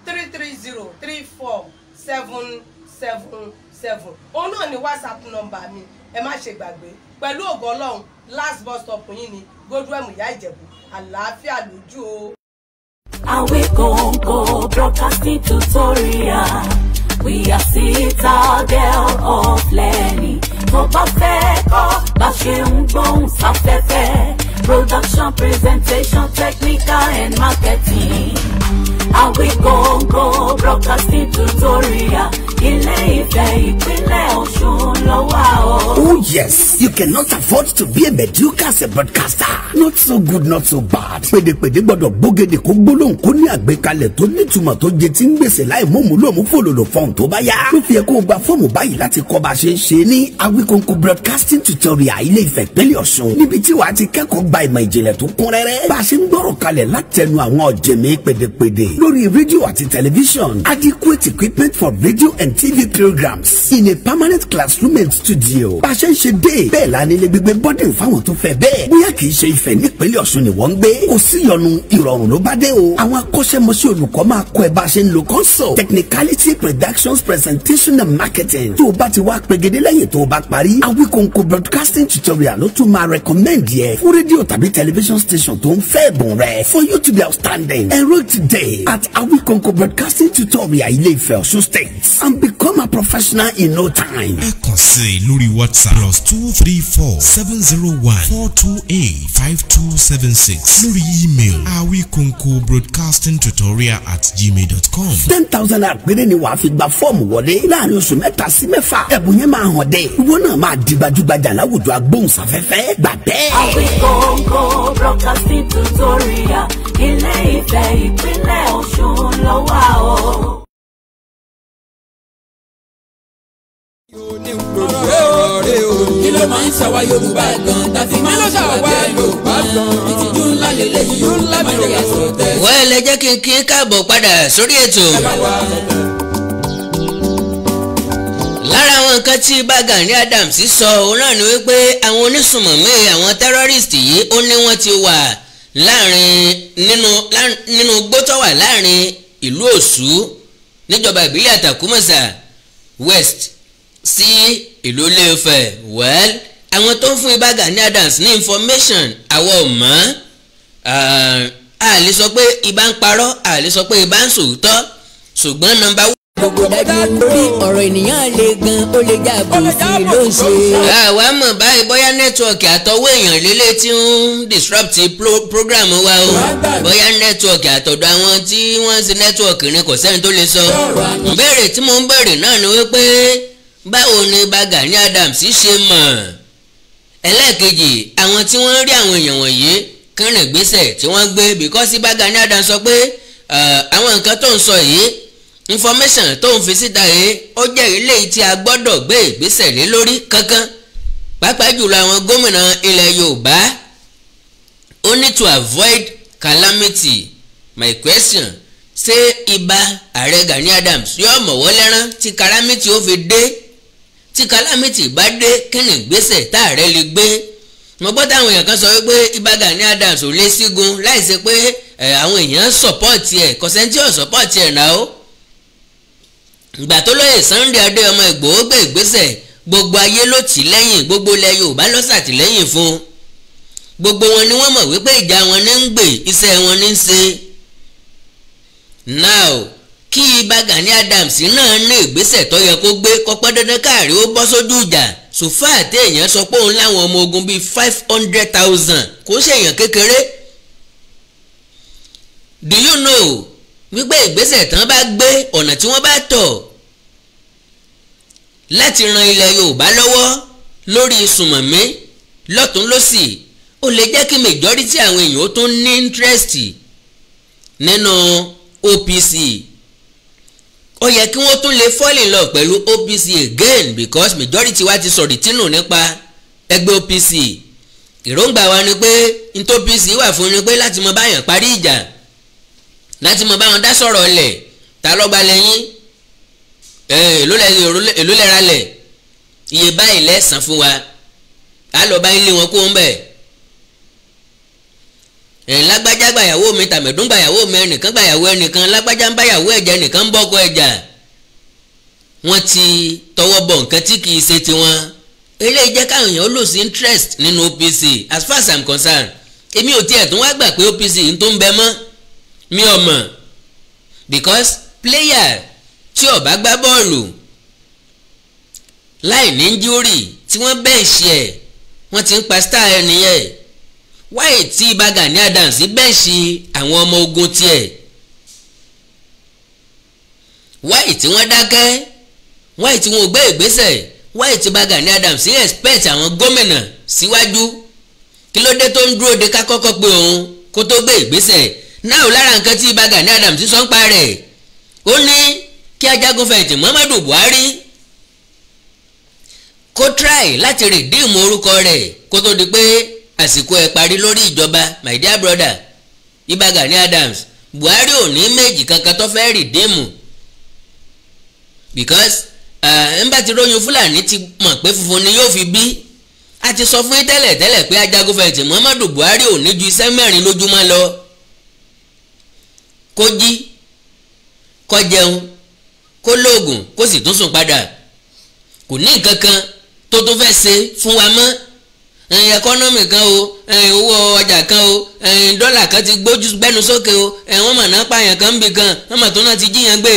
three three zero three four seven seven seven òun náà ni whatsapp number mi ẹ má ṣe gbàgbé pẹ̀lú ògo ọlọ́run last bus stop yín ni godwem ìyá ìjẹ̀bú àlàáfíà lójú o. Awikonko broadcasting tutorial we are citadel of learning tó bá fẹ́ kọ́ bá ṣe ń gbóhùn sáfẹ́fẹ́ production presentation technical and marketing Awikonko broadcasting tutorial Oh yes, you cannot afford to be a mediocre as a broadcaster. Not so good, not so bad. Pèdèpèdè gbọ́dọ̀ gbógede kó gbólóhùn kó ní àgbékalẹ̀ tó nítumọ̀ tó jẹ tí ń gbèsè láì mọ̀mú lóòmú fòlòlò fọ́ọ̀n tó bá yá. Ló fi yẹ kó gba fọ́ọ̀mù báyìí láti kọ́ bá ṣe ń ṣe ní Awikonko broadcasting tutorial ilé Ifẹ̀ ìpínlẹ̀ Ọ̀ṣun. Níbi tí wàá ti kẹ́kọ̀ọ́ gba ìmọ̀ ìjìnlẹ̀ tó kún rẹ́rẹ́. Bá a ṣe ń gbọ́rọ̀ kalẹ̀ látẹnu àwọn ọ̀jẹ̀mí pèdèpèdè lórí rédíò àti tẹlifíṣàn adequate equipment for radio and tv programs in a permanent classroom and studio. bá a ṣe ń ṣe dé bẹ́ẹ̀ la nílé gbígbé bọ́dẹ̀ fáwọn tó fẹ́ bẹ́ẹ̀ bóyá kì í ṣe Ifẹ̀ nípínlẹ̀ Ọ̀ṣun ni wọ́n ń gbé kò sí ìyọnu ìrọ̀rùn ló bá dé o. àwọn akọ́ṣẹ́mọṣẹ́ olùkọ́ máa kọ́ ẹ bá a ṣe ń lo console technicality productions presentation and marketing tó o bá ti wá pegedé lẹ́yìn tó o bá parí Awikonko broadcasting tutorial ló tún máa recommend yẹ fún rédíò tàbí tẹlifíṣàn station tó ń fẹ́ ẹ̀bùn rẹ̀ for you to be outstanding enroll today at Awikonko Broadcasting Tutorial Ilé-Ifẹ̀ Ọ̀ṣun State and become a professional in no time. Ẹ kàn sí i lórí WhatsApp plus two three four seven zero one four two eight five two seven six lórí email awikonko broadcasting tutorial at gmail.com. ten thousand àpérè ni wàá fi gba fọ́ọ̀mù wọlé láàrin oṣù mẹ́ta sí mẹ́fà ẹ̀bùn yẹn máa hàn dé ìwọ náà máa di gbajúgbajà láwùjọ agbóhùnsáfẹ́fẹ́ gbà bẹ́ẹ̀. Awikonko broadcasting tutorial Ilé-Ifẹ̀ ìpínlẹ̀ Ọ̀ṣun. Ọ̀ṣun ló wà o. kí ló máa ń ṣàwa Yorùbá gan tàbí máa ń ṣàwa Yorùbá gan ìtìjú ńlá lélẹ́yìí ńlá mi ò yà sọ tẹ́. wẹ́ẹ̀lẹ̀ kí n kí káàbọ̀ padà sórí ètò lára àwọn nǹkan tí Bagani Adams sọ òun náà ni wípé àwọn onísùnmọ̀mí àwọn tẹ́rọ́rìstì yìí ó ní wọ́n ti wà láàrin nínú nínú gbótọ́ wà láàrin ìlú òsú níjọba ìbílẹ̀ àtàkùmọ̀sà west sí ìlú iléfẹ̀ well àwọn tó ń fún Ìbà Gani Adams ní information àwọn ọ̀mọ́ ah, a lè sọ pé Ìbà ń parọ́ a lè sọ pé Ìbà ń sòótọ́ ṣùgbọ́n nọ́mbà gbogbo dájú lórí ọ̀rọ̀ ènìyàn lè gan ó lè já bùsì ló ń ṣe. àwa ah, mọ̀ báyìí bóyá nẹ́tíwọ̀kì àtọwọ́ èèyàn lélẹ̀ tí ń disrupt program wa o bóyá nẹ́tíwọ̀kì àtọ̀dọ̀ àwọn tí wọ́n ń nẹ́tíwọ̀kì ni kò sẹ́ni tó lè sọ. ìbéèrè tí mo ń béèrè náà ni wípé báwo ni Gani Adams ṣe mọ̀ ẹlẹ́ẹ̀kejì àwọn tí wọ́n rí àwọn èèyàn wọ̀nyí kánrin ìgbésẹ̀ tí wọ́n gbé bíkọ́sí Gani Adams sọ pé ah, àwọn nǹkan tó ń sọ yìí information tó ń fi síta rèé ó jẹ́ eléyìí tí a gbọ́dọ̀ gbé ìgbésẹ̀ lé lórí kankan pàápàá jùlọ àwọn gómìnà ilẹ̀ Yorùbá ó ní to avoid calamity my question ṣé ibà ààrẹ Gani Adams yóò mọ̀wọ́ lẹ́rán tí calamity ó fi dé tí calamity bá dé kí ni ìgbésẹ̀ tá ààrẹ lè gbé mo gbọ́ táwọn èèyàn kan sọ wípé ibà Gani Adams ò lè sígun láì ṣe pé àwọn èèyàn sọ̀pọ̀tì ẹ̀ kọ̀sẹ́ntì ò sọ̀pọ̀tì ẹ̀ náà ó ìgbà tó lóye Sunday Adéyọmọ Ìgbòho gbé ìgbésẹ̀ gbogbo ayé ló tì lẹ́yìn gbogbo ilẹ̀ Yorùbá ló ṣàtìlẹ́yìn fún un gbogbo wọn ni wọ́n mọ̀ wípé ìjà wọn ní ń gbè iṣẹ́ wọn ní ń ṣe now kí ibà Gani Adams náà ní ìgbésẹ̀ tó yẹ kó gbé kọ́pọ́ dandan káàrí ó bọ́ sójú ìjà sòfà àti èèyàn sọ pé òun láwọn ọmọ ogun bíi five hundred thousand kò ṣèyàn kékeré do you know wípé ìgbésẹ̀ tán bá gbé ọ̀nà tí wọ́n bá tọ̀ láti ran ilẹ̀ Yorùbá lọ́wọ́ lórí sùmọ̀mí lọ́tún lọ́sì ó lè jẹ́ kí majority àwọn èèyàn ó tún ní interest nínú OPC ó yẹ kí wọ́n tún lè fall in love pẹ̀lú OPC again because majority wa ti sọ̀rọ̀ tínú nípa ẹgbẹ́ OPC èròǹgbà wa ni pé ntọ́ OPC wà fún ni pé láti mọ báyàn parí ìjà láti mọ̀ báwọn dá sọ̀rọ̀ lẹ̀ ta lọ́gba lẹ́yìn èló lẹ́ra lẹ̀ iye báyìí lẹ́sàn fún wa á lọ bá ilé wọn kó ń bẹ̀ ẹ̀ lágbájá gbàyàwó mi tàmẹ̀dún gbàyàwó mi ẹnìkan gbàyàwó ẹnìkan lágbájá ń báyàwó ẹ̀jẹ̀ ẹnìkan ń bọ́kọ ẹ̀jà wọ́n ti tọwọ́ bọ̀ nǹkan tí kì í ṣe tiwọn eléyìí jẹ́ káwọn èèyàn lose interest nínú OPC as far as I'm concerned èmi ò tiẹ̀ tún wá gbà pé OPC ń tó ń bẹ mọ́ mi ò mọ̀ because player tí ó bá gbá bọ́ọ̀lù láì ní injury tí wọ́n bẹ́ǹṣì ẹ̀ wọ́n ti ń pa star ẹni yẹn wáyé tí ibà Gani Adams bẹ́ǹṣì àwọn ọmọ ogun tiẹ̀ wáyé tí wọ́n dákẹ́ wáyé tí wọ́n gbé ìgbésẹ̀ wáyé tí ibà Gani Adams expect àwọn gómìnà síwájú kí ló dé tó ń dúró de ká kọ́kọ́ pé òun kó tó gbé ìgbésẹ̀ náà lára nǹkan tí ibà Gani Adams ti sọ ń pa rẹ̀ ó ní kí ajagun fẹ̀yìntì Muhammadu Buhari kó try láti rìdíìmù orúkọ rẹ̀ kó tó di pé àsìkò ẹ̀ parí lórí ìjọba my dear brother ibà Gani Adams Buhari ò ní méjì kankan tó fẹ́ rìdíìmù because ńbà uh, tí róyún Fúlàní ti mọ̀ pé funfun ni yóò fi bí a ti sọ fún yín tẹ́lẹ̀ tẹ́lẹ̀ pé ajagun fẹ̀yìntì Muhammadu Buhari ò ní ju iṣẹ́ mẹ́rin lójúmọ́ lọ kó jí kó jẹun kó lóògùn kó sì tún sùn padà kò ní nǹkan kan tó tún fẹ́ ṣe fún wa mọ́ ẹkọ́nọ́mì kan o owó ọjà kan o dọ́là kan ti gbójú gbẹ́nu sókè o wọ́n mọ̀ náà pààyàn kan bì kan wọ́n mọ̀ tó náà ti jíyàn gbé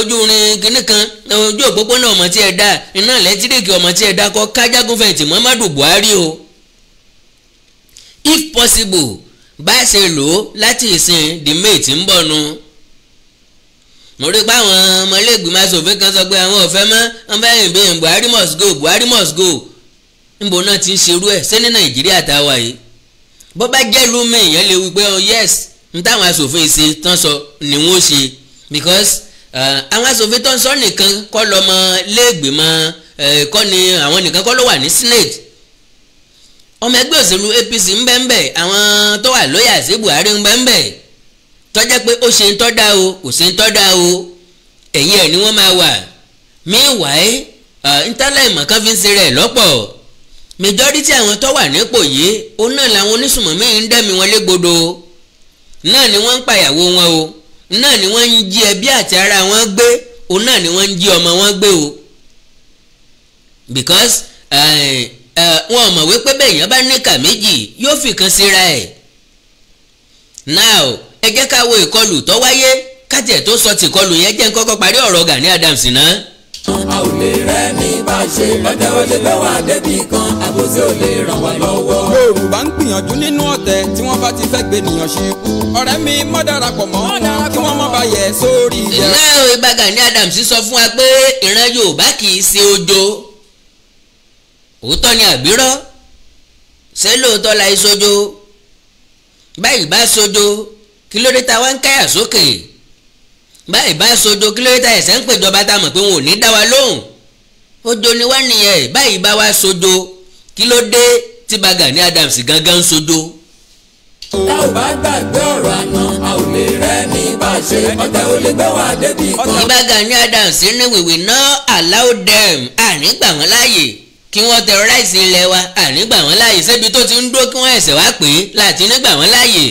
ojú irin kínní kan ojú òpópónà ọmọ tí ẹ dá iná lẹ́tíríkì ọmọ tí ẹ dá kọ́ kájágún fẹ̀yìntì Buhari o if possible bá ṣe lò ó láti ìsìn di may tí ń bọ̀ nu mo rí pé àwọn ọmọlẹ́gbẹ̀ẹ́ asòfin kan sọ pé àwọn ọ̀fẹ́ mọ́ wọn bá yìn Buhari must go Buhari must go níbo náà ti ń ṣerú ẹ̀ ṣé ní Nàìjíríà tá a wà yìí bó bá jẹ́ lómi èèyàn lè wí pé oh yes n táwọn asòfin ṣe tán sọ ni wọ́n ṣe because uh, àwọn asòfin tán sọ nìkan kọ́ lọ́mọ lẹ́gbẹ̀ẹ́ mọ́ eh, kọ́ ni àwọn nìkan kọ́ ló wà ní Senate ọmọ ẹgbẹ́ òṣèlú APC ń bẹ ń bẹ àwọn tó wà lóyà sí Buhari ń bẹ ń bẹ tó pé ó ṣe ń tọ́ o kò ṣe ń tọ́ o ẹ̀yìn ẹ̀ ni wọ́n máa wà meanwhile ntálẹ̀ ìmọ̀ kan fi ń ṣe lọ́pọ̀ majority àwọn tó wà nípò yìí òun náà làwọn onísùmọ̀mí ń dẹ́mi wọn légbodò náà ni wọ́n ń pàyàwó wọn o náà ni wọ́n ń jí ẹbí àti ara wọn gbé òun náà ni wọ́n ń jí ọmọ wọn gbé o because uh, wọn mọ̀ wípé bẹ́ẹ̀ yẹn bá níkà méjì yóò fi síra ẹ̀ now ẹ jẹ́ ká wo ìkọlù tó wáyé kájẹ̀ tó sọ tìkọlù yẹn jẹ́ ń kọ́kọ́ parí ọ̀rọ̀ Gani Adams náà a ò lè rẹ́ ní bá ṣe lọ́jọ́ olè lọ́wọ́ àdébì kan àbòsí ò lè ràn wá lọ́wọ́. Yorùbá ń gbìyànjú nínú ọ̀tẹ̀ tí wọ́n bá ti fẹ́ gbé nìyàn ṣe kú. ọ̀rẹ́ mi mọ́ darapọ̀ mọ́ kí wọ́n mọ́ bá yẹ sórí. ìlà ìbá Gani Adams sọ fún wa pé ìran Yorùbá kì í ṣe ojo òótọ́ ni àbírọ́ ṣé lóòótọ́ la ìsojo báyìí bá sojo kí ló dé ta wá ń káyà sókè báyìí bá sojo kí ló dé ta ẹ̀sẹ̀ ń pèjọba tá a mọ̀ pé wọn ò ní dá wa lóhùn ojo ni wá nìyẹn báyìí bá wa sojo kí ló dé tí Gani Adams gangan sojo. tá ò bá gbàgbé ọ̀rọ̀ àná a ò lè rẹ́ni bá a ṣe ò lè gbé wa débi kan. ìbá Gani Adams ní wìwì náà allow them àní gbà wọ́n láàyè kí wọ́n terrorize ilẹ̀ wa ànígbà wọ́n láàyè ṣebí tó ti ń dúró kí wọ́n ẹ̀sẹ̀ wá pé láti nígbà wọ́n láàyè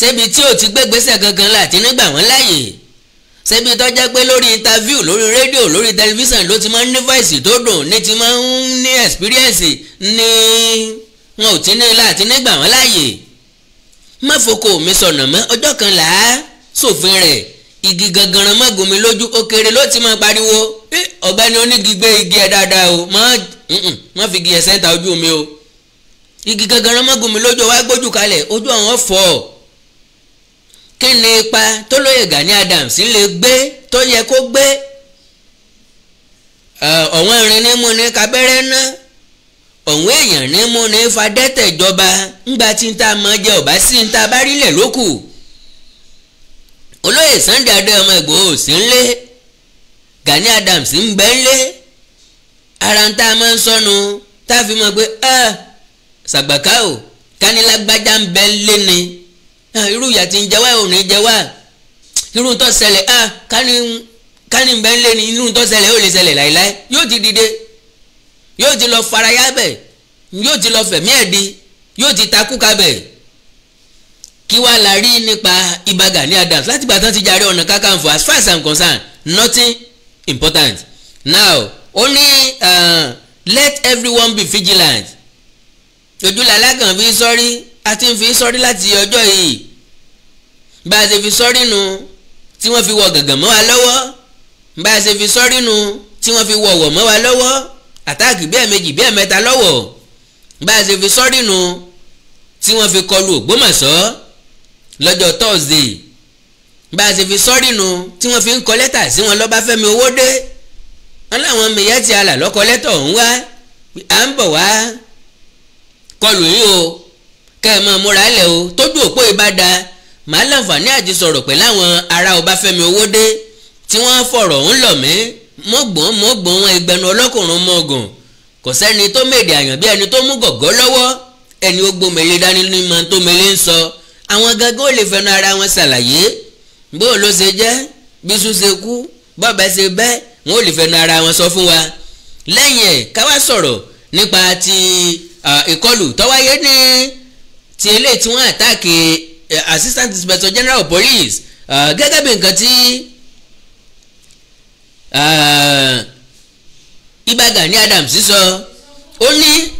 ṣebí tí ò ti gbégbésẹ̀ gangan láti nígbà wọ́n láàyè ṣebí tó jẹ́ pé lórí interview lórí rédíò lórí tẹlifíṣàn ló ti máa ń ní voice tó dùn ní ti máa ń ní experience ní wọn ò ti ní láti nígbà wọ́n láàyè má foko mi sọ̀nà mọ́ ọjọ́ kan là á rẹ̀ igi gangan mọ́ gùn lójú ó kéré ló ti máa pariwo eh, ọ̀gbẹ́ni igi ẹ̀ dáadáa o má fi igi ẹ̀ sẹ́ńtà ojú mi o igi gangan lójú wá gbójú kalẹ̀ ojú àwọn kí ni gbé tó yẹ kó gbé eh, ọ̀wọ́n ní mú ní kábẹ́rẹ́ ná ọ̀wọ́n èèyàn ní mú ní fadẹ́tẹ̀ jọba olóyè Sunday adé ọmọ Ìgbòho sí ń lé Gani Adams ń bẹ́ ń lé ara ń tá a máa ń sọnù tá a fi mọ̀ pé sàgbàká o kánilágbájá ń bẹ́ ń lé ni irú ìyà tí ń jẹ wá ò ní jẹ wá irú tó ṣẹlẹ̀ ẹ́ ń bẹ́ ń lé ni irú tó ṣẹlẹ̀ ò lè ṣẹlẹ̀ láéláé yóò ti dìde yóò ti lọ farayá bẹ̀ yóò ti lọ fẹ̀mí ẹ̀ di yóò ti takú kabẹ̀ kí wàá la rí nípa Ìbà Gani Adams láti gbà tán ti jàre ọ̀nà kakanfò as far as i'm concerned nothing important now only uh, let everyone be vigilant ojúlẹ̀ alágàn fi sọ́rí a ti ń fi sọ́rí láti ọjọ́ yìí bá a ṣe fi sọ́rí nu tí wọ́n fi wọ gàngàn mọ́ wa lọ́wọ́ bá a ṣe fi sọ́rí nu tí wọ́n fi wọ ọ̀wọ̀ mọ́ wa lọ́wọ́ àtáàkì bẹ́ẹ̀ méjì bẹ́ẹ̀ mẹ́ta lọ́wọ́ bá a ṣe fi sọ́rí nu tí wọ́n fi kọlu Ògbómọ̀ṣọ́ lọ́jọ́ thursday bá a ṣe fi sọ́rí nu tí wọ́n fi ń kọ lẹ́tà sí wọn lọ́báfẹ́mi owódé wọn láwọn mẹ̀yẹ́ ti àlà lọ́kọ lẹ́tọ̀ ọ̀hún wá à ń bọ̀ wá kọlù yín o kẹ́ ẹ̀ máa múra lẹ̀ o tójú òpó ìbàdà màá láǹfààní àti sọ̀rọ̀ pẹ̀lú àwọn ará ọbáfẹ́mi owódé tí wọ́n fọ̀rọ̀ ń lọ̀ mí mọ́gbọ́n mọ́gbọ́n wọn ìgbẹ́nu ọlọ́kùnrin mọ́gàn kò sẹ́ni tó mèdè àyàn bí ẹni tó mú gọ̀gọ́ lọ́wọ́ ẹni ó gbó mele dání ní mọ́ tó mele ń sọ so àwọn gangan ò lè fẹnu ara wọn ṣàlàyé bó ló ṣe jẹ́ bísú ṣe kú bọ́ọ̀bẹ ṣe bẹ́ wọn ò lè fẹnu ara wọn sọ fún wa lẹ́yìn ẹ̀ káwá sọ̀rọ̀ nípa ti ìkọlù tó ní ti eléyìí tí wọ́n àtàkì e, assistant inspector general of police gẹ́gẹ́ bí nǹkan tí Ìbà Gani Adams sísọ ó ní